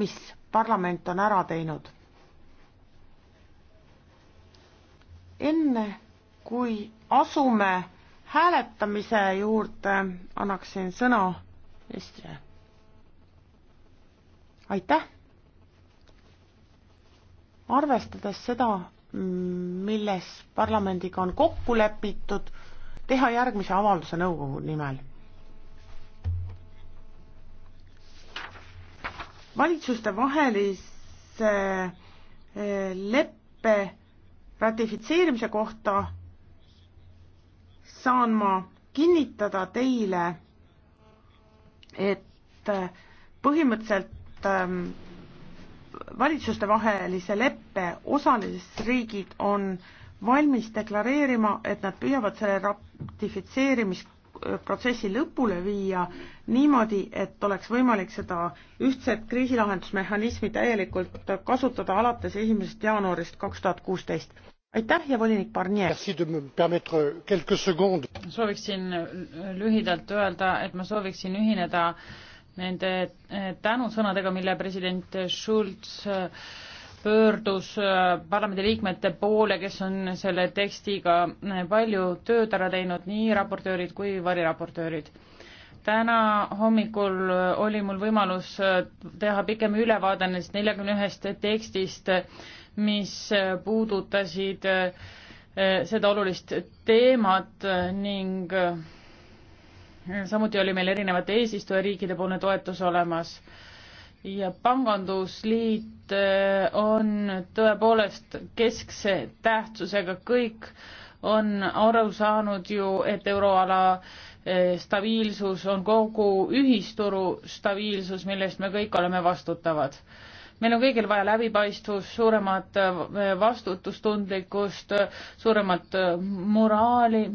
mis parlament on ära teinud. enne kui asume hääletamise juurde, annaksin sõna ministrile. aitäh! arvestades seda, milles parlamendiga on kokku lepitud, teha järgmise avalduse nõukogu nimel valitsuste vahelise eh, leppe ratifitseerimise kohta saan ma kinnitada teile, et eh, põhimõtteliselt ehm, valitsustevahelise leppe osalisriigid on valmis deklareerima, et nad püüavad selle ratifitseerimist protsessi lõpule viia niimoodi, et oleks võimalik seda ühtset kriisilahendusmehhanismi täielikult kasutada alates esimesest jaanuarist kaks tuhat kuusteist. aitäh ja volinik Barnier! sooviksin lühidalt öelda, et ma sooviksin ühineda nende tänusõnadega, mille president Schulz pöördus äh, parlamendiliikmete poole, kes on selle tekstiga äh, palju tööd ära teinud, nii raportöörid kui variraportöörid. täna hommikul äh, oli mul võimalus teha pikem ülevaade nendest neljakümne ühest tekstist, mis puudutasid seda olulist teemat ning samuti oli meil erinevate eesistujariikide poolne toetus olemas ja pangandusliit äh, on tõepoolest keskse tähtsusega, kõik on aru saanud ju, et euroala äh, stabiilsus on kogu ühisturu stabiilsus, mille eest me kõik oleme vastutavad. meil on kõigil vaja läbipaistvust, suuremat äh, vastutustundlikkust, suuremat moraali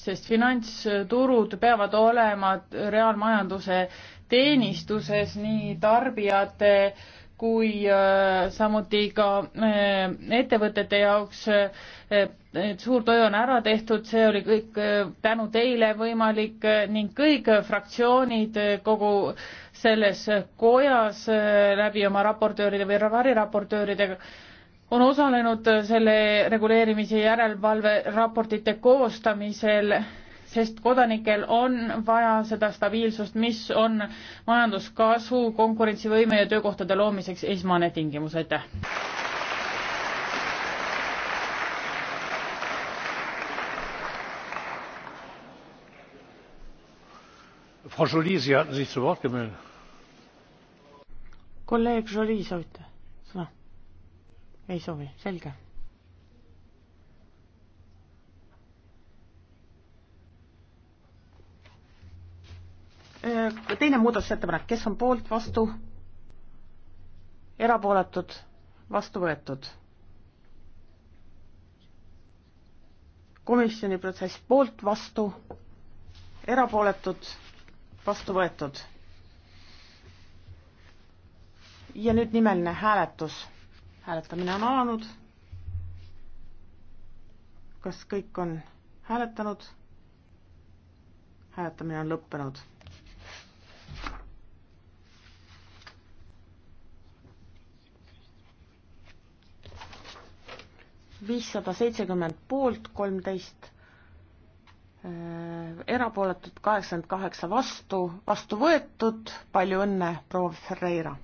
sest finantsturud peavad olema reaalmajanduse teenistuses nii tarbijate kui äh, samuti ka äh, ettevõtete jaoks äh, suur töö on ära tehtud, see oli kõik tänu teile võimalik ning kõik fraktsioonid kogu selles kojas läbi oma raportööride või variraportööridega on osalenud selle reguleerimise järelevalve raportite koostamisel, sest kodanikel on vaja seda stabiilsust, mis on majanduskasvu, konkurentsivõime ja töökohtade loomiseks esmane tingimus, aitäh. Frau Jolie, Sie hatten sich zu Wort gemeldet. Kolleeg Jolie soovite sõna ei soovi, selge. teine muudatusettepanek, kes on poolt, vastu, erapooletud, vastu võetud? komisjoni protsess poolt, vastu, erapooletud, vastu võetud. ja nüüd nimeline hääletus hääletamine on alanud. kas kõik on hääletanud? hääletamine on lõppenud. viissada seitsekümmend poolt, kolmteist äh, erapooletut, kaheksakümmend kaheksa vastu, vastu võetud, palju õnne, proua Ferreira!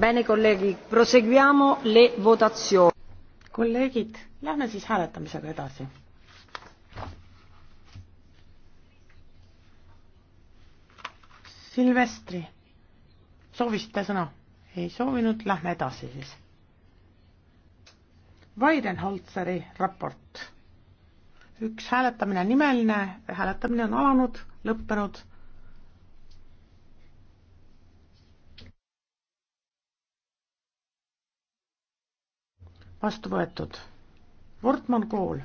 Bene, kolleegid, proseguiamo le votazioni. kolleegid, lähme siis hääletamisega edasi. Silvestri, soovisite sõna? ei soovinud, lähme edasi siis. Weidenholzeri raport. üks hääletamine, nimeline hääletamine on alanud, lõppenud vastu võetud. Wortmann kool.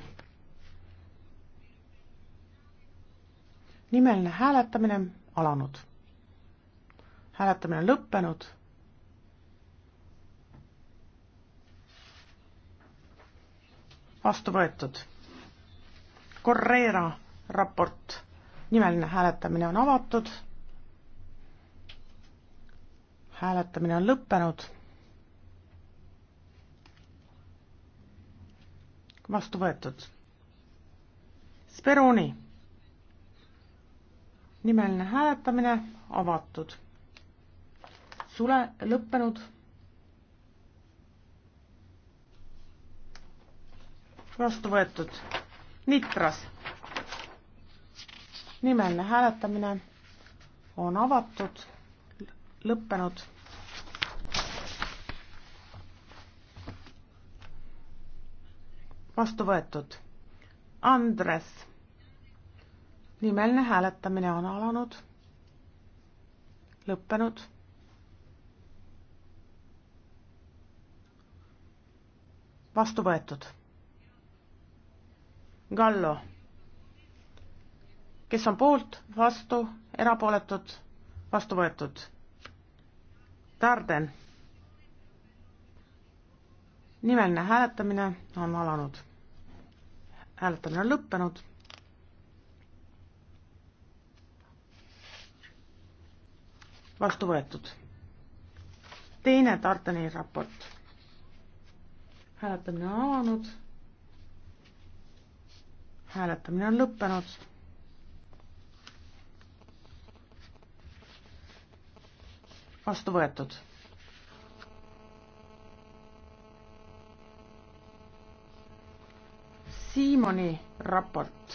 nimeline hääletamine alanud. hääletamine lõppenud. vastu võetud. Correera raport, nimeline hääletamine on avatud. hääletamine on lõppenud vastu võetud. Speroni nimeline hääletamine avatud. sule lõppenud. vastu võetud. Nitras nimeline hääletamine on avatud, lõppenud vastu võetud. Andres, nimeline hääletamine on alanud, lõppenud. vastu võetud. Gallo, kes on poolt, vastu, erapooletud, vastu võetud. Tarden nimeline hääletamine on alanud. hääletamine on lõppenud. vastu võetud. teine Tartani raport. hääletamine on alanud. hääletamine on lõppenud. vastu võetud Siimoni raport.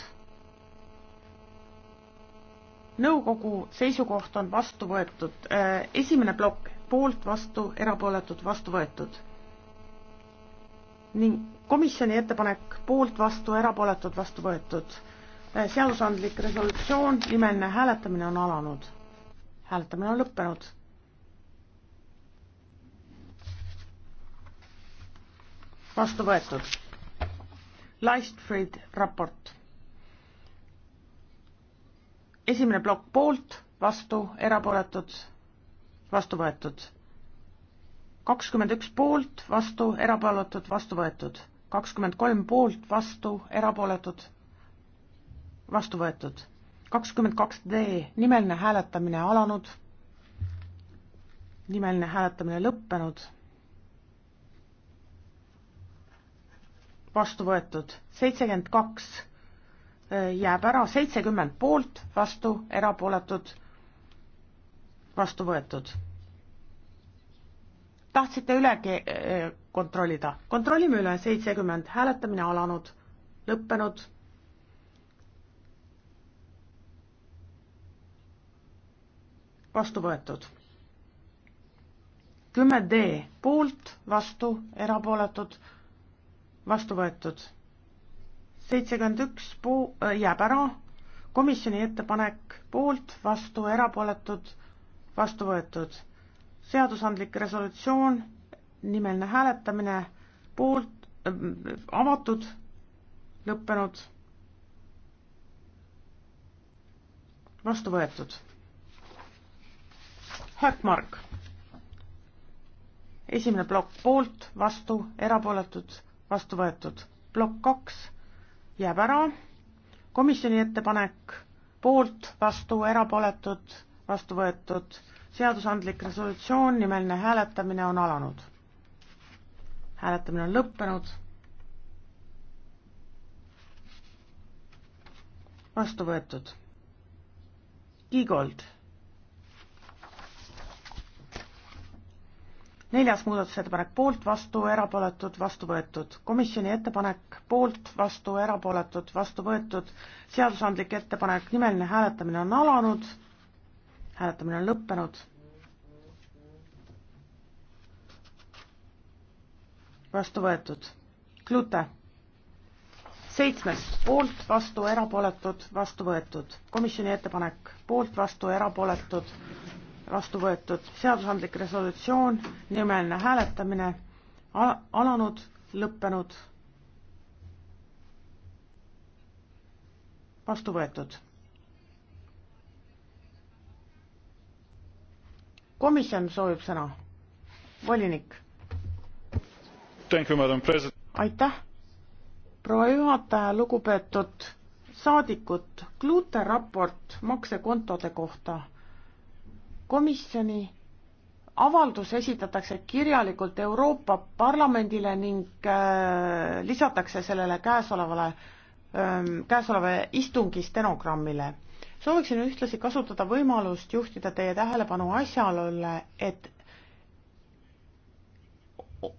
nõukogu seisukoht on vastu võetud, äh, esimene plokk poolt, vastu, erapooletud, vastu võetud. ning komisjoni ettepanek poolt, vastu, erapooletud, vastu võetud. Äh, seadusandlik resolutsioon, nimeline hääletamine on alanud. hääletamine on lõppenud. vastu võetud Leistfried raport. esimene plokk poolt, vastu, erapooletud, vastu võetud. kakskümmend üks poolt, vastu, erapooletud, vastu võetud. kakskümmend kolm poolt, vastu, erapooletud, vastu võetud. kakskümmend kaks D, nimeline hääletamine alanud, nimeline hääletamine lõppenud vastu võetud, seitsekümmend kaks äh, jääb ära, seitsekümmend poolt, vastu, erapooletud, vastu võetud. tahtsite ülegi äh, kontrollida, kontrollime üle, seitsekümmend, hääletamine alanud, lõppenud. vastu võetud. kümme D poolt, vastu, erapooletud vastu võetud. seitsekümmend üks puu-, äh, jääb ära, komisjoni ettepanek poolt, vastu, erapooletud, vastu võetud. seadusandlik resolutsioon, nimeline hääletamine, poolt äh,, avatud, lõppenud, vastu võetud. Häkmark esimene plokk poolt, vastu, erapooletud vastu võetud. plokk kaks jääb ära, komisjoni ettepanek poolt, vastu, erapooletud, vastu võetud, seadusandlik resolutsioon, nimeline hääletamine on alanud. hääletamine on lõppenud. vastu võetud. Kiigold neljas muudatusettepanek poolt, vastu, erapooletud, vastu võetud. komisjoni ettepanek poolt, vastu, erapooletud, vastu võetud. seadusandlik ettepanek, nimeline hääletamine on alanud. hääletamine on lõppenud. vastu võetud. Klute. seitsmes, poolt, vastu, erapooletud, vastu võetud. komisjoni ettepanek, poolt, vastu, erapooletud, vastu võetud seadusandlik resolutsioon, nimeline hääletamine al alanud, lõppenud, vastu võetud. komisjon soovib sõna. volinik. aitäh, proua juhataja, lugupeetud saadikud, Klute raport maksekontode kohta komisjoni avaldus esitatakse kirjalikult Euroopa Parlamendile ning äh, lisatakse sellele käesolevale äh,, käesoleva istungi stenogrammile. sooviksin ühtlasi kasutada võimalust juhtida teie tähelepanu asjaolule, et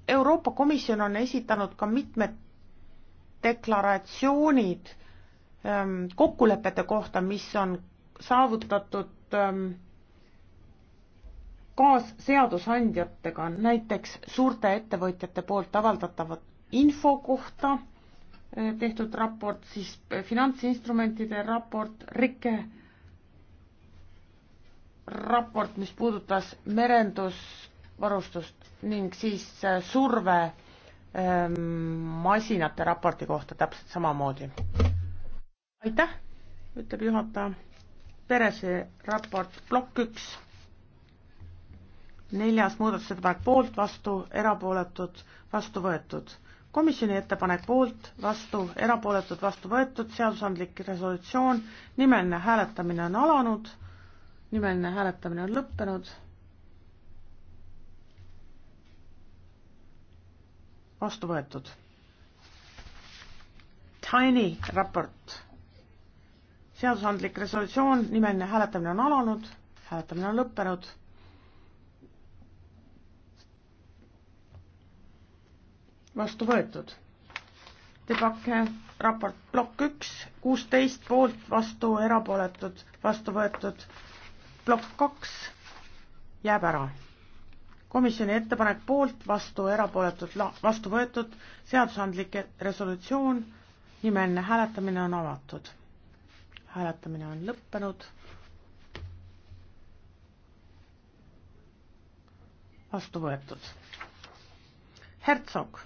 Euroopa Komisjon on esitanud ka mitmed deklaratsioonid ähm, kokkulepete kohta, mis on saavutatud ähm, kaasseadusandjatega, näiteks suurte ettevõtjate poolt avaldatavat info kohta eh, tehtud raport, siis eh, finantsinstrumentide raport, RIKE raport, mis puudutas merendusvarustust ning siis eh, surve ehm, masinate raporti kohta täpselt samamoodi. aitäh, ütleb juhataja. Perese raport plokk üks neljas muudatusettepanek poolt, vastu, erapooletud, vastu võetud. komisjoni ettepanek poolt, vastu, erapooletud, vastu võetud, seadusandlik resolutsioon, nimeline hääletamine on alanud, nimeline hääletamine on lõppenud. vastu võetud. Tiny raport. seadusandlik resolutsioon, nimeline hääletamine on alanud, hääletamine on lõppenud vastu võetud. debake raport plokk üks, kuusteist poolt, vastu, erapooletud, vastu võetud. plokk kaks jääb ära. komisjoni ettepanek poolt, vastu, erapooletud, vastu võetud, seadusandlik resolutsioon, nimeline hääletamine on avatud. hääletamine on lõppenud. vastu võetud. Herzog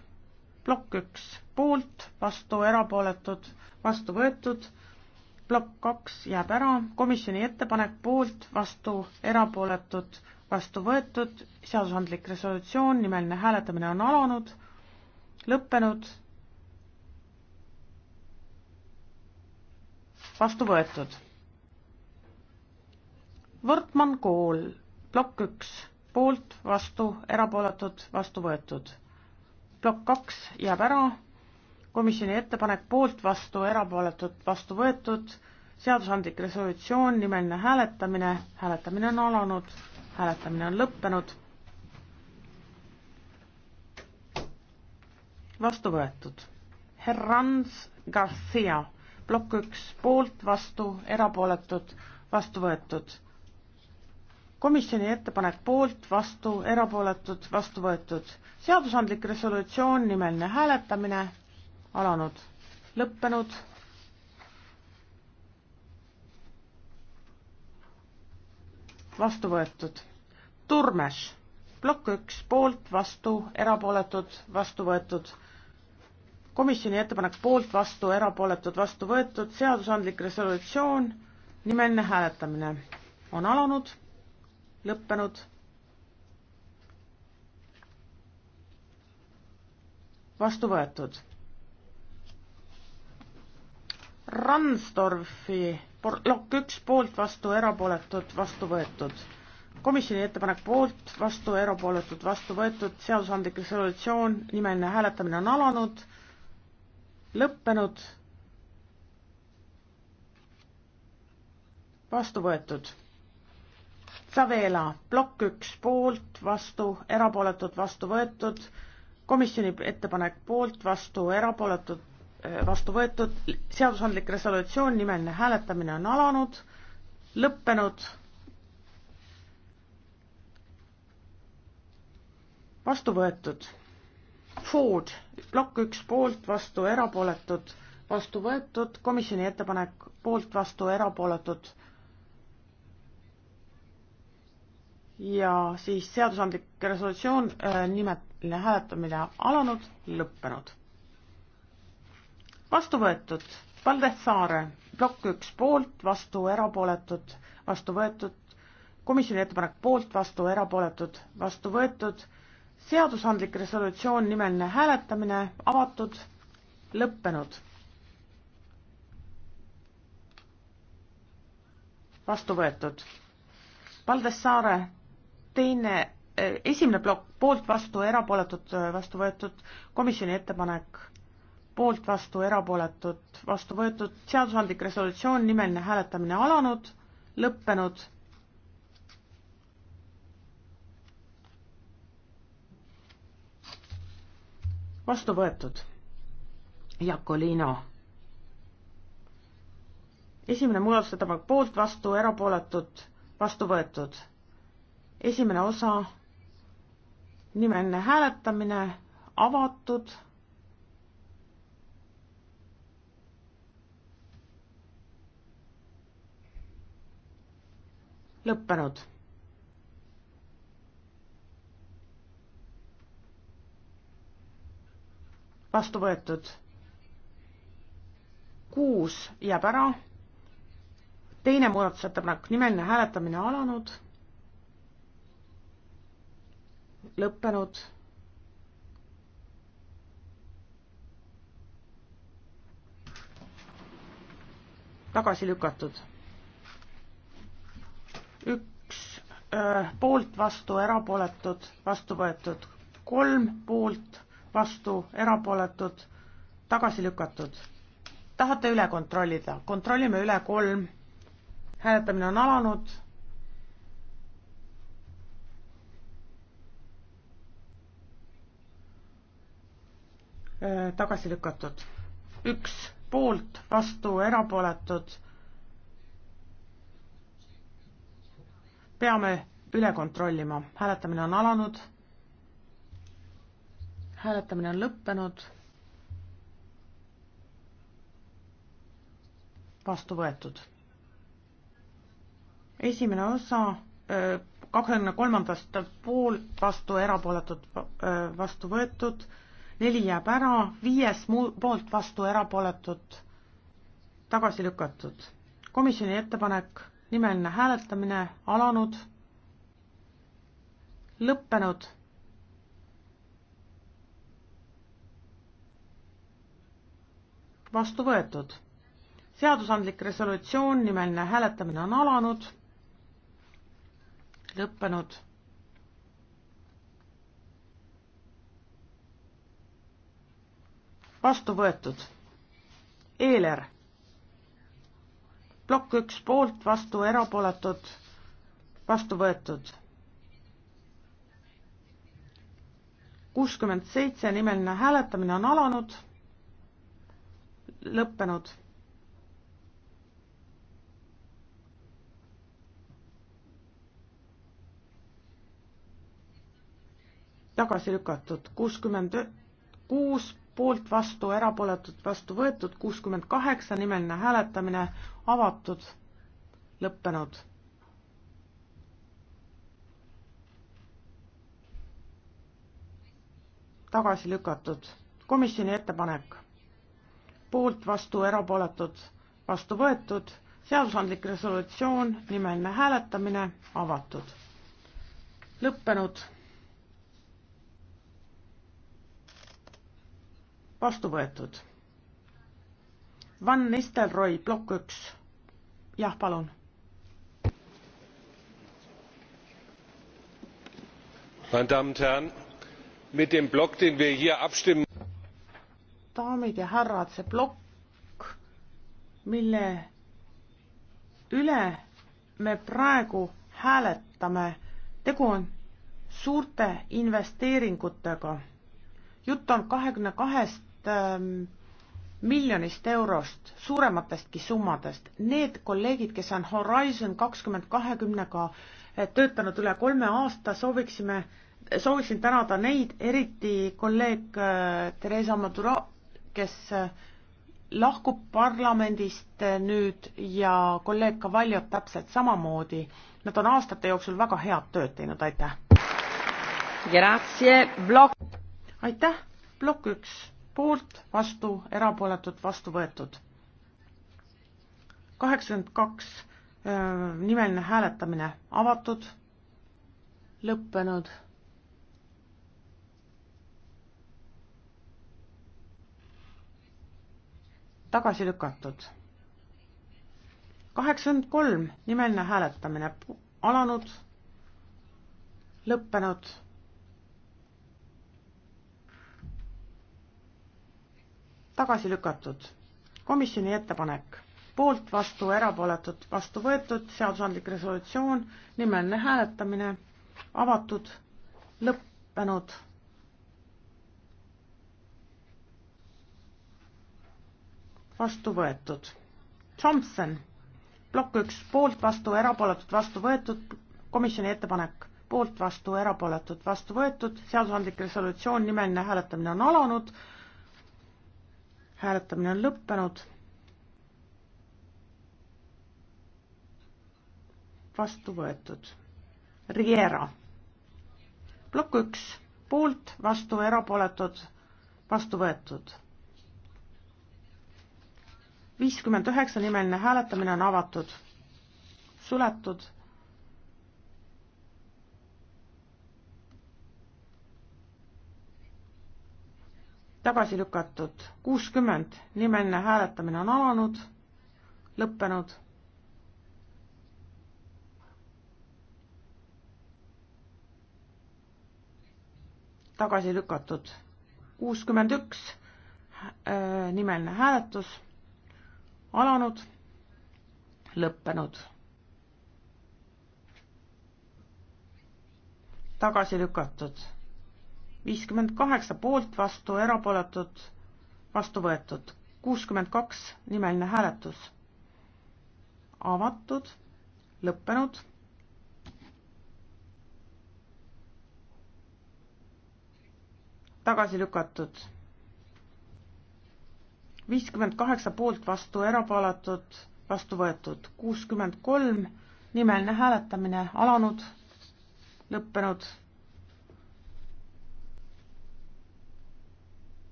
plokk üks poolt, vastu erapooletud, vastu võetud, plokk kaks jääb ära, komisjoni ettepanek poolt, vastu erapooletud, vastu võetud, seadusandlik resolutsioon, nimeline hääletamine on alanud, lõppenud, vastu võetud. Võrtman kool, plokk üks, poolt, vastu, erapooletud, vastu võetud plokk kaks jääb ära, komisjoni ettepanek poolt vastu, erapooletud vastu võetud, seadusandlik resolutsioon, nimeline hääletamine, hääletamine on alanud, hääletamine on lõppenud. vastu võetud. Herrans Garcia, plokk üks, poolt, vastu, erapooletud, vastu võetud komisjoni ettepanek poolt, vastu, erapooletud, vastu võetud. seadusandlik resolutsioon, nimeline hääletamine alanud, lõppenud. vastu võetud. Turmes, plokk üks, poolt, vastu, erapooletud, vastu võetud. komisjoni ettepanek poolt, vastu, erapooletud, vastu võetud, seadusandlik resolutsioon, nimeline hääletamine on alanud lõppenud. vastu võetud. Randstorfi plokk üks poolt vastu, erapooletud, vastu võetud. komisjoni ettepanek poolt, vastu, erapooletud, vastu võetud, seadusandlik resolutsioon, nimeline hääletamine on alanud, lõppenud, vastu võetud Savela, plokk üks poolt, vastu, erapooletud, vastu võetud, komisjoni ettepanek poolt, vastu, erapooletud, eh, vastu võetud, seadusandlik resolutsioon, nimeline hääletamine on alanud, lõppenud, vastu võetud. Ford, plokk üks poolt, vastu, erapooletud, vastu võetud, komisjoni ettepanek poolt, vastu, erapooletud ja siis seadusandlik resolutsioon äh,, nimeline hääletamine alanud, lõppenud. vastu võetud Valdes Saare, plokk üks poolt, vastu erapooletud, vastu võetud, komisjoni ettepanek poolt, vastu erapooletud, vastu võetud, seadusandlik resolutsioon, nimeline hääletamine avatud, lõppenud. vastu võetud Valdes Saare teine, esimene plokk, poolt vastu, erapooletud, vastu võetud, komisjoni ettepanek, poolt vastu, erapooletud, vastu võetud, seadusandlik resolutsioon, nimeline hääletamine alanud, lõppenud. vastu võetud. Jakolino esimene muudatusettepanek poolt, vastu, erapooletud, vastu võetud esimene osa, nimeline hääletamine, avatud. lõppenud. vastu võetud. kuus jääb ära. teine muudatusettepanek, nimeline hääletamine alanud lõppenud. tagasi lükatud. üks äh, poolt vastu, erapooletud, vastu võetud, kolm poolt vastu, erapooletud, tagasi lükatud. tahate üle kontrollida? kontrollime üle kolm. hääletamine on alanud Äh, tagasi lükatud. üks poolt, vastu, erapooletud. peame üle kontrollima, hääletamine on alanud. hääletamine on lõppenud. vastu võetud. esimene osa äh, kahekümne kolmandast poolt, vastu, erapooletud, äh, vastu võetud neli jääb ära, viies muu-, poolt vastu erapooletud, tagasi lükatud. komisjoni ettepanek, nimeline hääletamine alanud, lõppenud vastu võetud. seadusandlik resolutsioon nimeline hääletamine on alanud, lõppenud vastu võetud. Eeler. plokk üks poolt, vastu erapooletud, vastu võetud. kuuskümmend seitse nimeline hääletamine on alanud, lõppenud. tagasi lükatud kuuskümmend kuus poolt vastu, erapooletud vastu võetud, kuuskümmend kaheksa, nimeline hääletamine avatud, lõppenud. tagasi lükatud, komisjoni ettepanek, poolt vastu, erapooletud vastu võetud, seadusandlik resolutsioon, nimeline hääletamine avatud, lõppenud vastu võetud. Van Nistelrooy, plokk üks. jah, palun. meine damen und herren! mit dem block den wir hier abstimmen daamid ja härrad see plokk mille üle me praegu hääletame tegu on suurte investeeringutega jutt on kahekümne kahest ähm, miljonist eurost, suurematestki summadest, need kolleegid, kes on Horizon kakskümmend kahekümnega äh, töötanud üle kolme aasta, sooviksime, sooviksin tänada neid, eriti kolleeg äh, Theresa Maduro, kes äh, lahkub parlamendist nüüd ja kolleeg Kavaljot täpselt samamoodi. Nad on aastate jooksul väga head tööd teinud, aitäh! aitäh, plokk üks poolt, vastu, erapooletud, vastu võetud. kaheksakümmend kaks, nimeline hääletamine avatud, lõppenud. tagasi lükatud. kaheksakümmend kolm, nimeline hääletamine alanud, lõppenud tagasi lükatud. komisjoni ettepanek poolt, vastu, erapooletud, vastu võetud, seadusandlik resolutsioon, nimeline hääletamine, avatud, lõppenud. vastu võetud. Thompson, plokk üks, poolt, vastu, erapooletud, vastu võetud, komisjoni ettepanek poolt, vastu, erapooletud, vastu võetud, seadusandlik resolutsioon, nimeline hääletamine on alanud hääletamine on lõppenud. vastu võetud. Riera. plokk üks, poolt, vastu, erapooletud, vastu võetud. viiskümmend üheksa nimeline hääletamine on avatud, suletud tagasi lükatud, kuuskümmend, nimeline hääletamine on alanud, lõppenud. tagasi lükatud, kuuskümmend üks, äh, nimeline hääletus, alanud, lõppenud. tagasi lükatud viiskümmend kaheksa poolt, vastu erapooletud, vastu võetud. kuuskümmend kaks nimeline hääletus. avatud, lõppenud. tagasi lükatud. viiskümmend kaheksa poolt, vastu erapooletud, vastu võetud. kuuskümmend kolm nimeline hääletamine alanud, lõppenud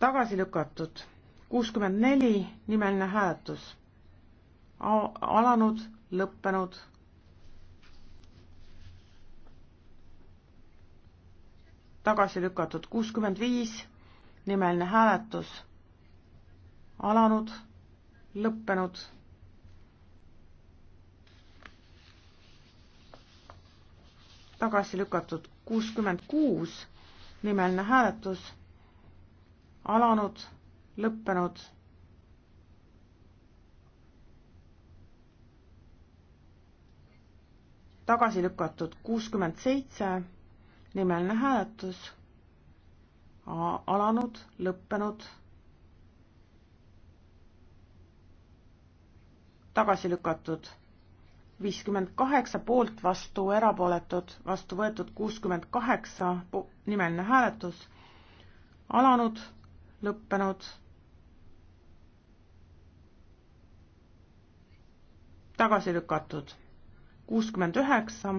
tagasi lükatud. kuuskümmend neli nimeline hääletus. alanud, lõppenud. tagasi lükatud kuuskümmend viis nimeline hääletus. alanud, lõppenud tagasi lükatud kuuskümmend kuus nimeline hääletus alanud, lõppenud. tagasi lükatud kuuskümmend seitse, nimeline hääletus, alanud, lõppenud. tagasi lükatud viiskümmend kaheksa poolt, vastu erapooletud, vastu võetud kuuskümmend kaheksa, nimeline hääletus, alanud lõppenud. tagasi lükatud kuuskümmend üheksa,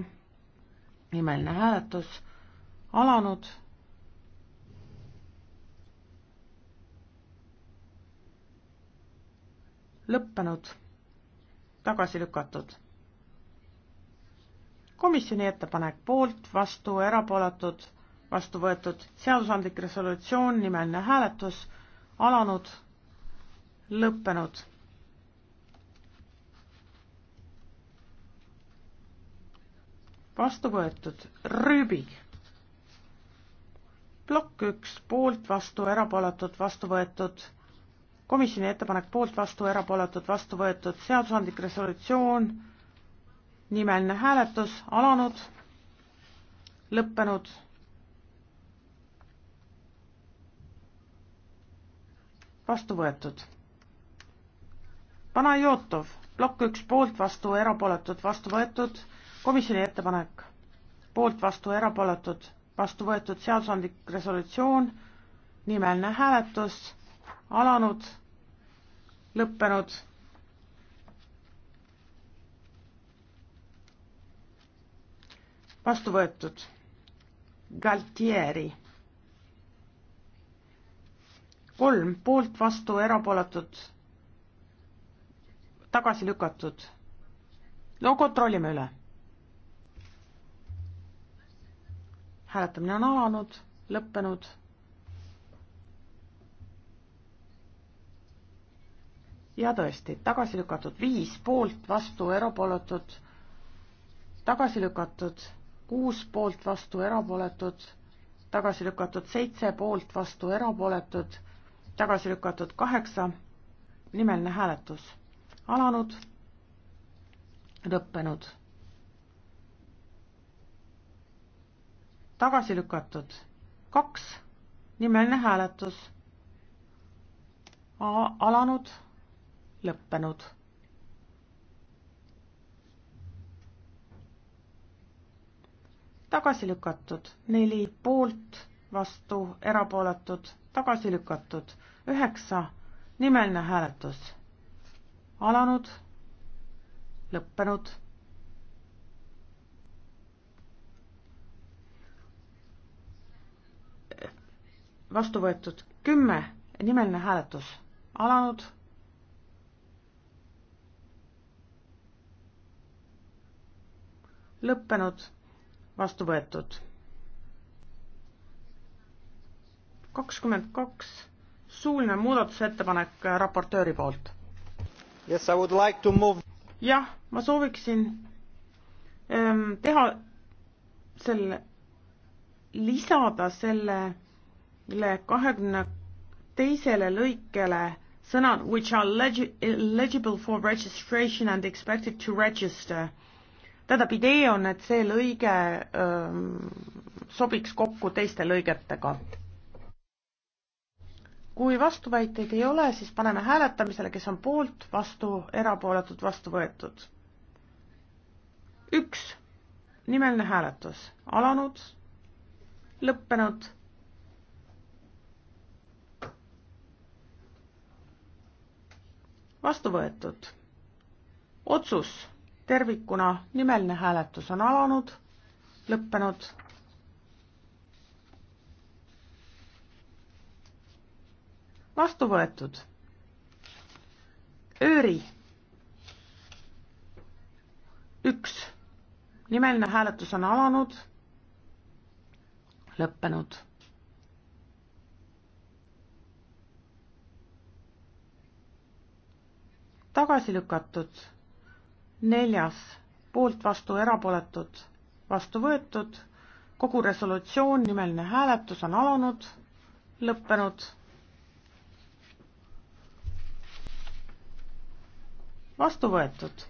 nimeline hääletus alanud. lõppenud, tagasi lükatud. komisjoni ettepanek poolt, vastu, erapooletud vastu võetud seadusandlik resolutsioon, nimeline hääletus alanud, lõppenud. vastu võetud rüübik. plokk üks poolt, vastu, erapooletud, vastu võetud. komisjoni ettepanek poolt, vastu, erapooletud, vastu võetud, seadusandlik resolutsioon, nimeline hääletus alanud, lõppenud vastu võetud. Panajotov, plokk üks poolt, vastu, erapooletud, vastu võetud, komisjoni ettepanek, poolt, vastu, erapooletud, vastu võetud, seadusandlik resolutsioon, nimeline hääletus, alanud, lõppenud. vastu võetud. Galtieri kolm poolt, vastu, erapooletud, tagasi lükatud. no kontrollime üle. hääletamine on alanud, lõppenud. ja tõesti, tagasi lükatud viis poolt, vastu, erapooletud, tagasi lükatud kuus poolt, vastu, erapooletud tagasi lükatud seitse poolt, vastu erapooletud, tagasi lükatud kaheksa, nimeline hääletus alanud, lõppenud. tagasi lükatud kaks, nimeline hääletus alanud, lõppenud. tagasi lükatud neli poolt, vastu erapooletud tagasi lükatud. üheksa, nimeline hääletus. alanud, lõppenud. vastu võetud kümme, nimeline hääletus. alanud. lõppenud, vastu võetud kakskümmend kaks, suuline muudatusettepanek äh, raportööri poolt. jah, ma sooviksin ähm, teha selle, lisada sellele kahekümne teisele lõikele sõnad which are eligible for registration and expected to register. tähendab, idee on, et see lõige öö, ähm, sobiks kokku teiste lõigetega kui vastuväiteid ei ole, siis paneme hääletamisele, kes on poolt, vastu, erapooletud, vastu võetud. üks, nimeline hääletus, alanud, lõppenud. vastu võetud. otsus tervikuna, nimeline hääletus on alanud, lõppenud vastu võetud. Ööri. üks. nimeline hääletus on alanud, lõppenud. tagasi lükatud. neljas, poolt vastu erapooletud, vastu võetud. kogu resolutsioon, nimeline hääletus on alanud, lõppenud vastu võetud.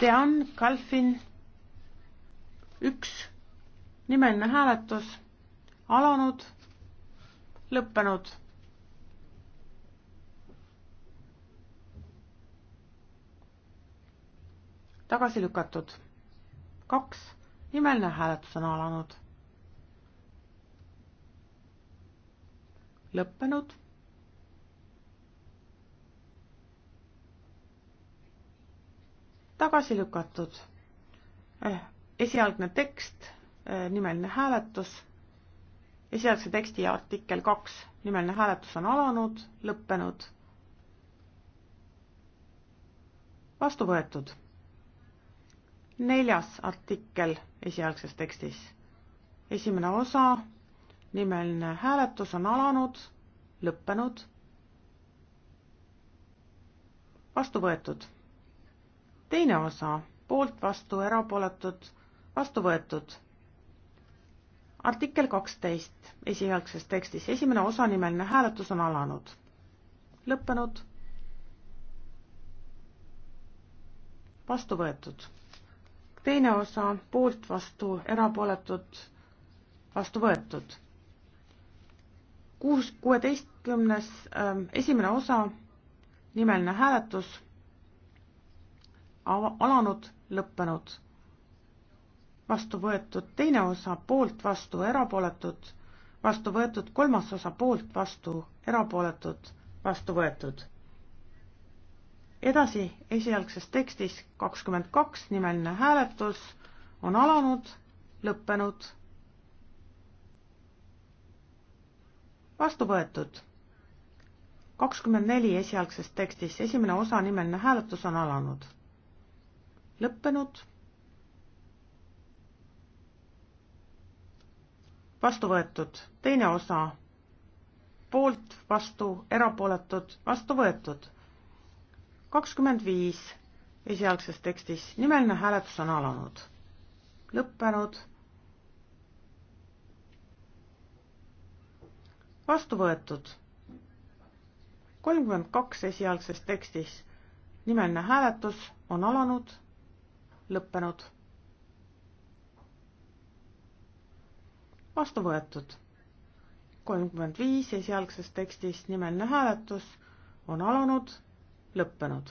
Dean Kalfin üks, nimeline hääletus alanud, lõppenud. tagasi lükatud. kaks, nimeline hääletus on alanud lõppenud tagasi lükatud. Eh, esialgne tekst, eh, nimeline hääletus, esialgse teksti artikkel kaks, nimeline hääletus on alanud, lõppenud. vastu võetud. neljas artikkel esialgses tekstis, esimene osa, nimeline hääletus on alanud, lõppenud. vastu võetud teine osa, poolt, vastu, erapooletud, vastu võetud. artikkel kaksteist esialgses tekstis, esimene osanimeline hääletus on alanud, lõppenud, vastu võetud. teine osa, poolt, vastu, erapooletud, vastu võetud. kuus, kuueteistkümnes, ähm, esimene osa, nimeline hääletus alanud, lõppenud. vastu võetud teine osa poolt, vastu, erapooletud, vastu võetud kolmas osa poolt, vastu, erapooletud, vastu võetud. edasi esialgses tekstis kakskümmend kaks nimeline hääletus on alanud, lõppenud, vastu võetud kakskümmend neli esialgsest tekstist esimene osa nimeline hääletus on alanud lõppenud. vastu võetud, teine osa, poolt, vastu, erapooletud, vastu võetud. kakskümmend viis esialgses tekstis, nimeline hääletus on alanud, lõppenud. vastu võetud, kolmkümmend kaks esialgses tekstis, nimeline hääletus on alanud lõppenud. vastu võetud. kolmkümmend viis esialgsest tekstist nimeline hääletus on alanud, lõppenud.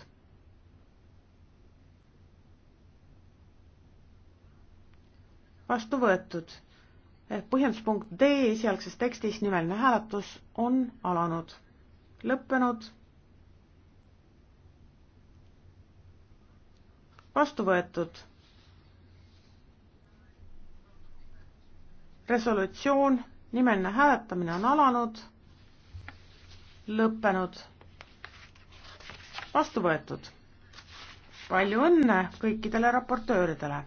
vastu võetud. põhjenduspunkt D esialgses tekstis nimeline hääletus on alanud, lõppenud vastu võetud. resolutsioon, nimeline hääletamine on alanud, lõppenud, vastu võetud. palju õnne kõikidele raportööridele